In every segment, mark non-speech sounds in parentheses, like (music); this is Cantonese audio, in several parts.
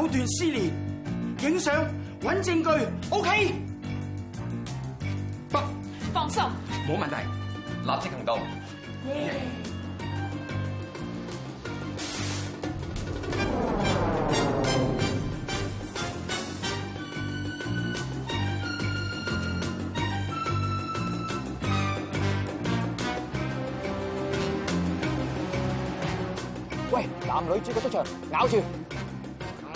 有段撕裂，影相，搵證據，OK？不。不放心，冇問題，立即行動。喂，男女主角出場，咬住。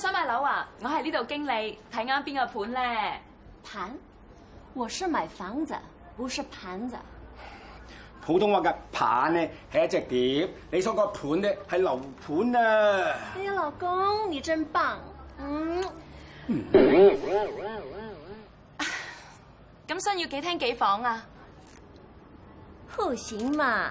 想買樓啊！我係呢度經理，睇啱邊個盤咧？盤？我是買房子，不是盤子。普通話嘅盤咧係一隻碟，你所講嘅盤咧係樓盤啊！哎呀，老公你真棒，嗯。咁 (laughs) 想、 (laughs) 啊、要幾廳幾房啊？戶型嘛？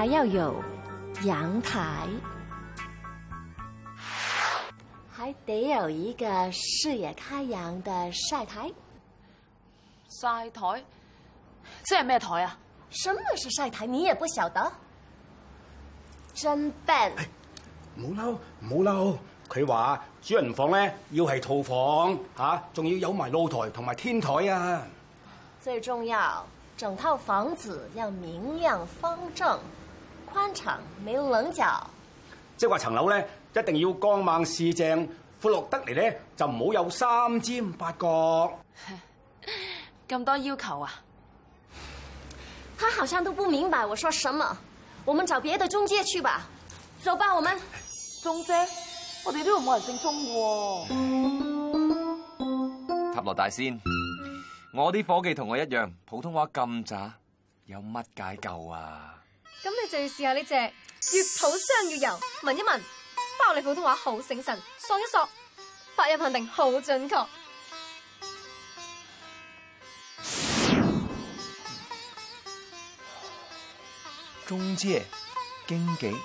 還要有陽台，還得有一個視野開揚的曬台。曬台，即係咩台啊？什麼是曬台？你也不曉得，真笨，哎！唔好嬲，唔好嬲。佢話主人房咧要係套房，吓、啊，仲要有埋露台同埋天台啊。最重要，整套房子要明亮方正。寬敞，沒有稜角。即係話層樓咧，一定要光猛視正，闊落得嚟咧就唔好有三尖八角。咁多要求啊！他好像都不明白我說什麼。我們找別的中介去吧。走吧，我們。中姐，我哋呢度冇人姓鍾嘅。塔羅大仙，我啲伙計同我一樣，普通話咁渣，有乜解救啊？就試下呢隻越土香越油，聞一聞，包你普通話好醒神；索一索，發音肯定好準確。中介經紀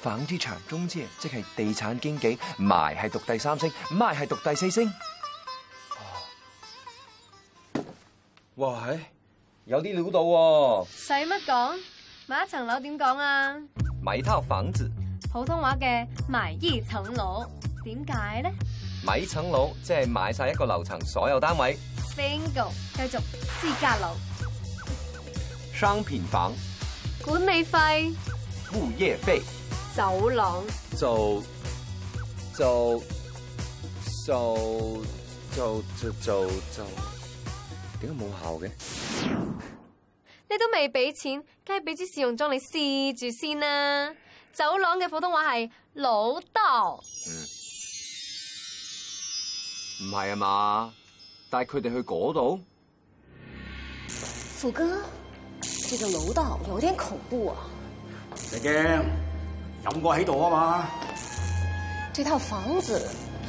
房地產中介即係地產經紀，賣係讀第三聲，賣係讀第四聲。哇，有啲料到喎！使乜講？買一層樓點講啊？買一套房子。普通話嘅買一層樓，點解咧？買一層樓即係買晒一個樓層所有單位。Single 繼續私家樓。商品房。管理費。物業費。走廊。走走走走走走，點解冇效嘅？走走走為什麼你都未俾錢，梗係俾支試用裝你試住先啦。走廊嘅普通話係老道，唔係啊嘛？帶佢哋去嗰度。傅哥，叫做老道，有啲恐怖啊！別驚，任過喺度啊嘛。這套房子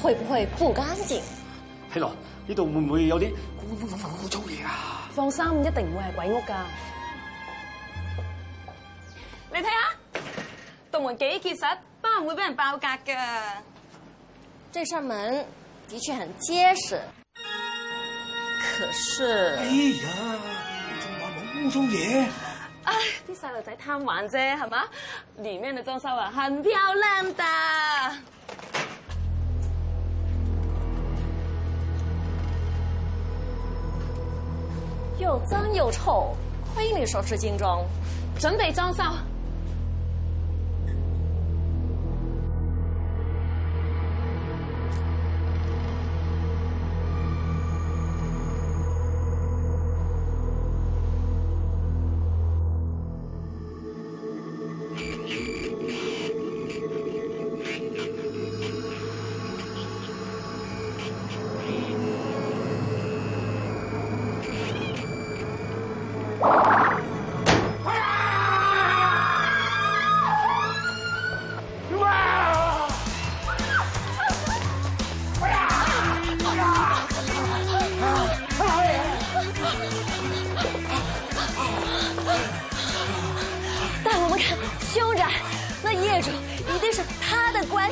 會不會不乾淨？係咯，呢度會唔會有啲污糟嘢啊？放心，一定唔會係鬼屋噶。你睇下，度門幾結實，包唔會俾人爆格噶。這扇門的確很結實，可是。哎呀，仲話冇污糟嘢。唉、哎，啲細路仔貪玩啫，係嘛？裏面嘅裝修啊，很漂亮的。又髒又臭，虧你說是精裝，準備裝修。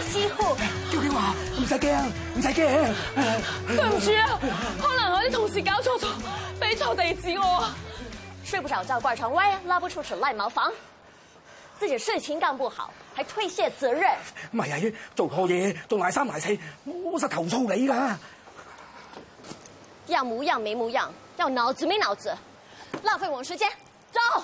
師傅，叫警華，唔使驚，唔使驚，對唔住啊，可能我啲同事搞錯咗，俾錯地址我。睡不着覺怪床歪，拉不出屎賴茅房，自己事情幹不好還推卸責任。唔係啊，做錯嘢做埋三埋四，我實投訴你㗎。要模樣沒模樣，要腦子沒腦子，浪費我們時間，走。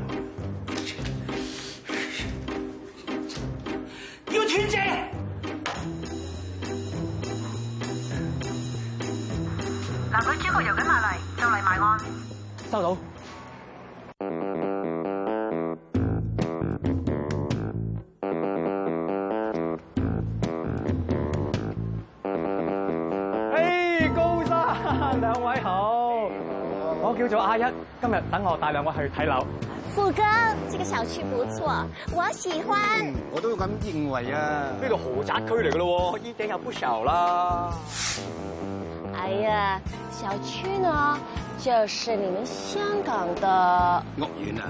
你好，我叫做阿一，今日等我帶兩位去睇樓。富哥，這個小區不錯，我喜歡。我都咁認為啊，呢度豪宅區嚟噶咯，依頂又不少啦。哎呀，小區啊，就是你們香港的屋苑啊。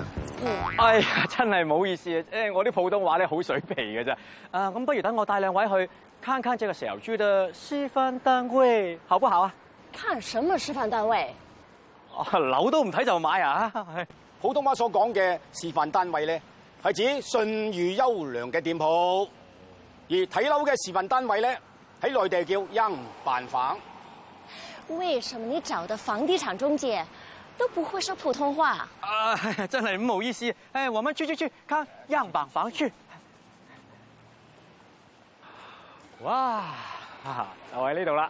嗯。哎呀，真係唔好意思，誒，我啲普通話咧好水皮嘅咋。啊，咁不如等我帶兩位去看看這個小區的示範單位，好不好啊？看什麼示範單位？哦，樓都唔睇就買啊！普通話所講嘅示範單位咧，係指信譽優良嘅店鋪，而睇樓嘅示範單位咧，喺內地叫樣板房。為什麼你找的房地產中介都不會說普通話？啊，真係唔好意思。哎，我們去去去看樣板房去。哇，就喺呢度啦。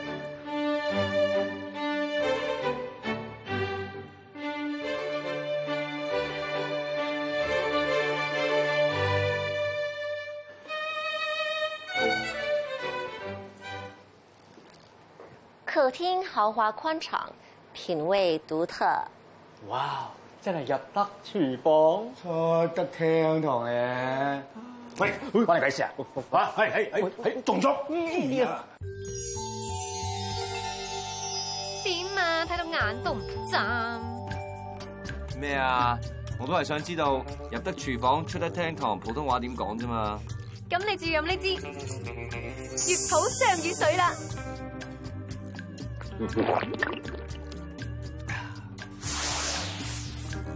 豪華寬敞，品味獨特哇。哇真係入得廚房，出得廳堂耶、啊！喂，幫你解喂，啊、嗯？啊，係係係係，中咗！點啊？睇、嗯哎、到眼都唔眨。咩啊？我都係想知道，入得廚房，出得廳堂，普通話點講啫嘛？咁你就要飲呢支月土上越水啦！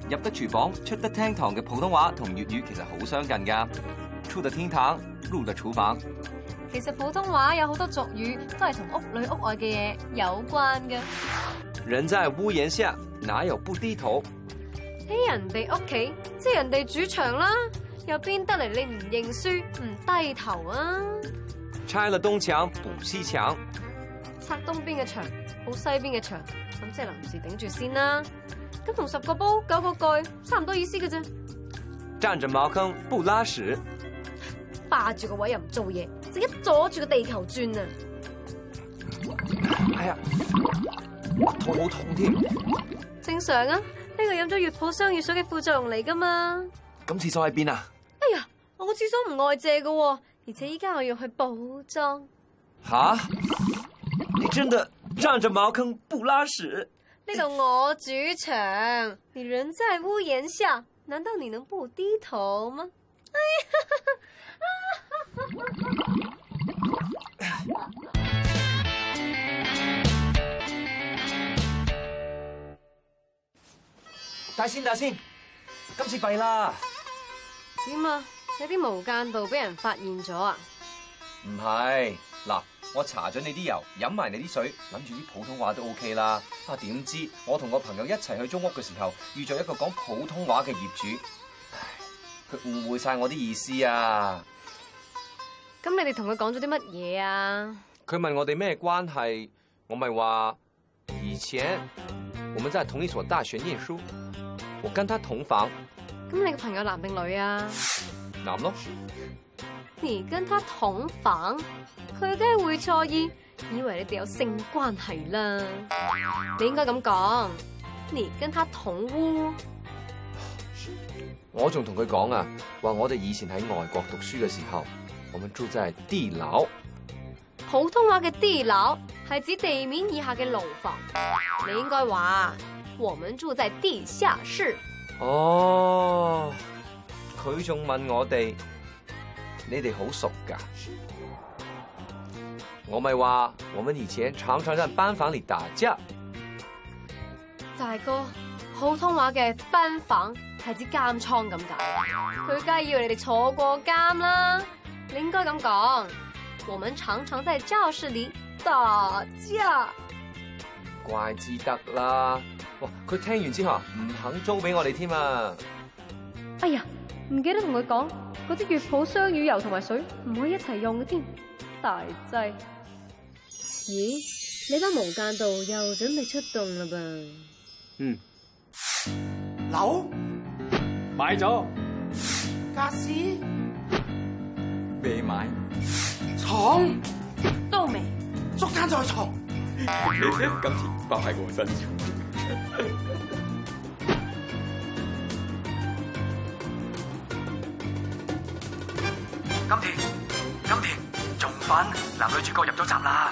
入得廚房，出得廳堂嘅普通話同粵語其實好相近噶，出得廳堂，入得廚房。其實普通話有好多俗語都係同屋裏屋外嘅嘢有關噶。人在屋檐下，哪有不低頭？喺人哋屋企，即係人哋主場啦，又邊得嚟，你唔認輸唔低頭啊？拆了東牆補西牆，拆東邊嘅牆。好西邊嘅牆，咁即係臨時頂住先啦。咁同十個煲九個蓋差唔多意思嘅啫。佔着茅坑不拉屎，霸住個位又唔做嘢，直接阻住個地球轉。哎啊，這個，啊！哎呀，我頭好痛添。正常啊，呢個飲咗藥鋪雙氧水嘅副作用嚟噶嘛。咁廁所喺邊啊？哎呀，我廁所唔外借嘅，啊，而且依家我要去補妝。吓。啊？你真的？佔着茅坑不拉屎。呢度我主場，你人在屋檐下，難道你能不低頭嗎？大仙大仙，今次弊啦？點啊？哈哈有啲無間道俾人發現咗啊？唔係，嗱。我搽咗你啲油，飲埋你啲水，諗住啲普通話都 OK 啦。啊，點知我同我朋友一齊去租屋嘅時候，遇到一個講普通話嘅業主，佢誤會晒我啲意思啊。咁你哋同佢講咗啲乜嘢啊？佢問我哋咩關係，我咪話以前我們在同一所大學念書，我跟他同房。咁你個朋友男定女啊？男咯。你跟他同房？佢梗係會錯意，以為你哋有性關係啦。你應該咁講，你跟他同屋。我仲同佢講啊，話我哋以前喺外國讀書嘅時候，我們住在地牢。普通話嘅地牢係指地面以下嘅牢房。你應該話，我們住在地下室。哦，佢仲問我哋，你哋好熟噶？我咪話，我們以前常常在班房裏打架。大哥，普通話嘅班房係指監倉咁解，佢梗係以為你哋坐過監啦。你應該咁講，我們常常在教室裏打架。怪之得啦，哇！佢聽完之後唔肯租俾我哋添啊！哎呀，唔記得同佢講嗰啲浴泡雙魚油同埋水唔可以一齊用嘅添，大劑。咦，你班無間道又準備出動啦噃？嗯，樓買咗，家私未買，床都未，捉姦在床。你呢？今次包喺我身上。金田，金田，仲返男女主角入咗閘啦。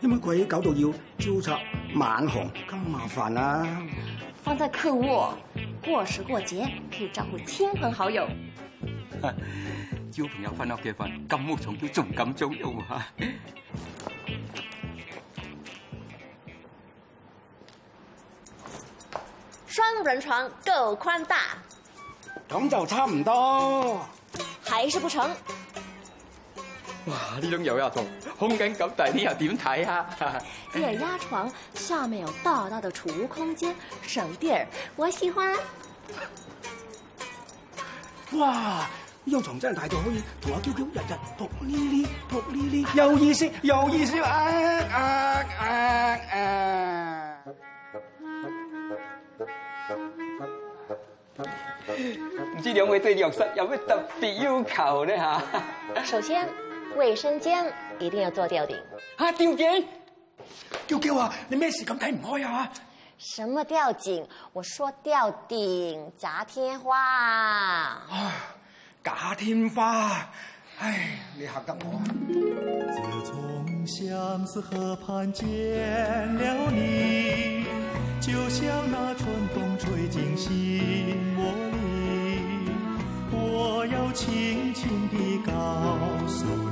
因為乜鬼搞到要招拆晚行咁麻煩啦、啊。放在客臥，過時過節可以招呼親朋好友。招 (laughs) 朋友翻屋企瞓咁污重都仲敢招用啊？雙人床夠寬大，咁就差唔多。還是不成。哇！呢種液壓床，空間咁大，你又點睇啊？液壓床下面有大大的儲物空間，省地兒，我喜歡、啊。哇！呢張床真係大到可以同阿嬌嬌日日扑呢呢扑呢呢，有意思，有意思唔、啊啊啊啊啊嗯、知你有冇對浴室有咩特別要求呢？吓？首先。衛生間一定要做吊頂啊！吊頂，嬌嬌啊，你咩事咁睇唔開啊？什麼吊頂？我說吊頂，假天花。啊、哦，假天花，唉、哎，你嚇得我。自從相思河畔見了你，就像那春風吹進心窩裡。我要輕輕地告訴你。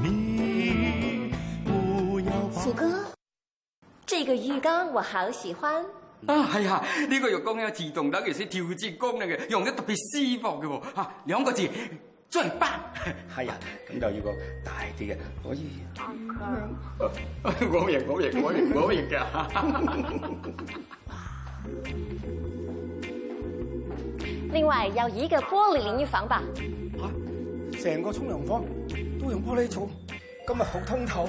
嗯、哥，這個浴缸我好喜歡啊！係啊，呢個浴缸有自動燈，尤其是調節功能嘅，用得特別舒服嘅。吓、啊，兩個字，最棒！係、哎、啊，咁就要個大啲嘅，可以。 (laughs) 我明，我明，我明，我 (laughs) 明 (laughs) 另外要一個玻璃淋浴房吧？啊，成個沖涼房都用玻璃做，今日好通透。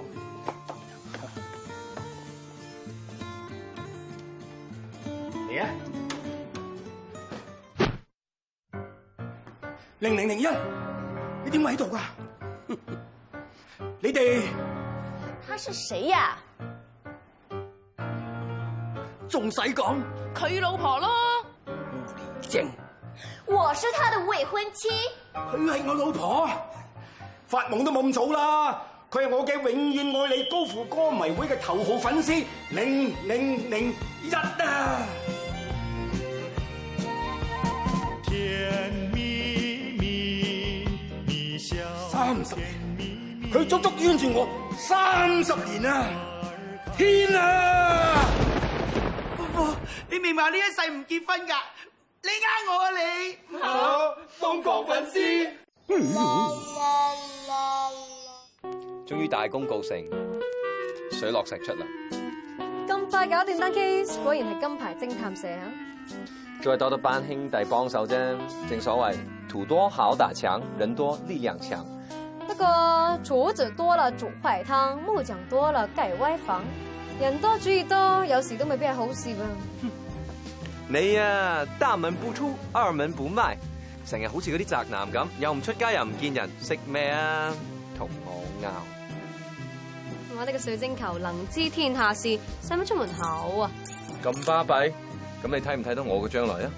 零零零一， (laughs) 你點會喺度噶？你哋他是誰呀、啊？仲使講佢老婆咯？狐狸精！我是他的未婚妻。佢係我老婆，發夢都冇咁早啦。佢係我嘅永遠愛你高富歌迷會嘅頭號粉絲零零零一啊！佢足足冤住我三十年啊！天啊！哦、你明話呢一世唔結婚噶？你呃我啊你好？好瘋狂粉絲，終於 (music) 大功告成，水落石出啦！咁快搞掂單 case，果然係金牌偵探社啊！再多得班兄弟幫手啫，正所謂土多好打搶，人多力量強。不過廚子多了煮壞湯，木匠多了蓋歪房，人多主意多，有時都未必係好事啊！你啊，大門不出，二門不邁，成日好似嗰啲宅男咁，又唔出街，又唔見人，食咩啊？同我拗，我呢個水晶球能知天下事，使乜出門口啊？咁巴閉，咁你睇唔睇到我嘅將來啊？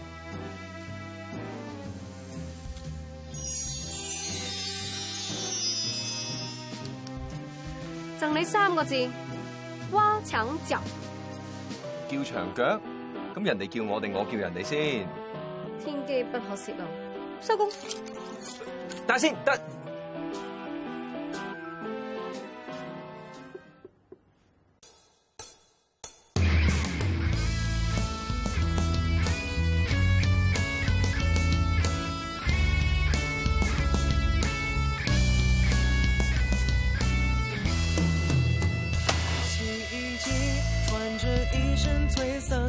你三個字，蛙長腳叫長腳，咁人哋叫我定我叫人哋先？天機不可泄露，收工。大先得。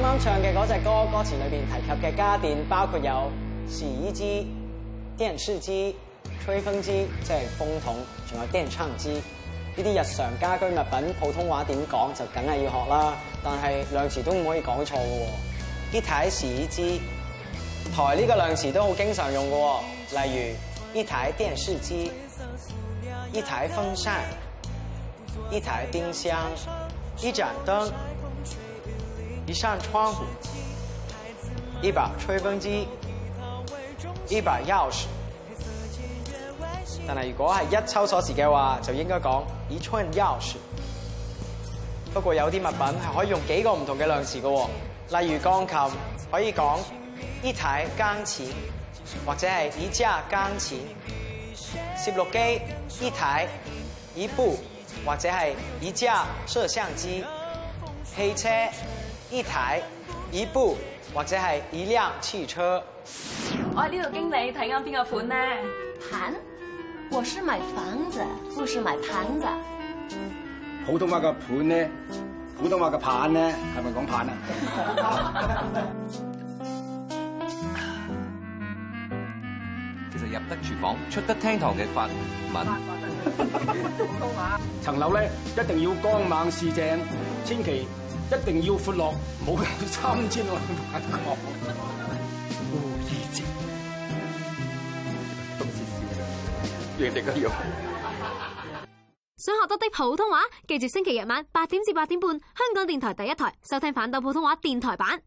啱啱唱嘅嗰隻歌，歌詞裏邊提及嘅家電包括有洗衣機、電視機、吹風機，即係風筒，仲有電唱機。呢啲日常家居物品普通話點講就梗係要學啦。但係量詞都唔可以講錯嘅。一台洗衣機，台呢個量詞都好經常用嘅。例如一台電視機、一台風扇、一台冰箱、一盞燈。一扇窗戶，一把吹風機，一把鑰匙。但係，如果係一抽鎖匙嘅話，就應該講一抽鑰匙。不過有啲物品係可以用幾個唔同嘅量詞嘅、哦，例如鋼琴可以講一台鋼琴，或者係一架鋼琴；攝錄機一台、一部，或者係一架攝像機；汽車。一台、一部或者係一輛汽車。我喺呢度經理睇啱邊個盤咧？盤。我是買房子，不是買盤子。普通話嘅盤咧，普通話嘅盤咧，係咪講盤啊？ (laughs) (laughs) 其實入得廚房，出得廳堂嘅法文。普通話。層樓咧，一定要光猛視正，千祈。一定要闊落，冇人參天，我唔得講。想學多啲普通話，記住星期日晚八點至八點半，香港電台第一台收聽反斗普通話電台版。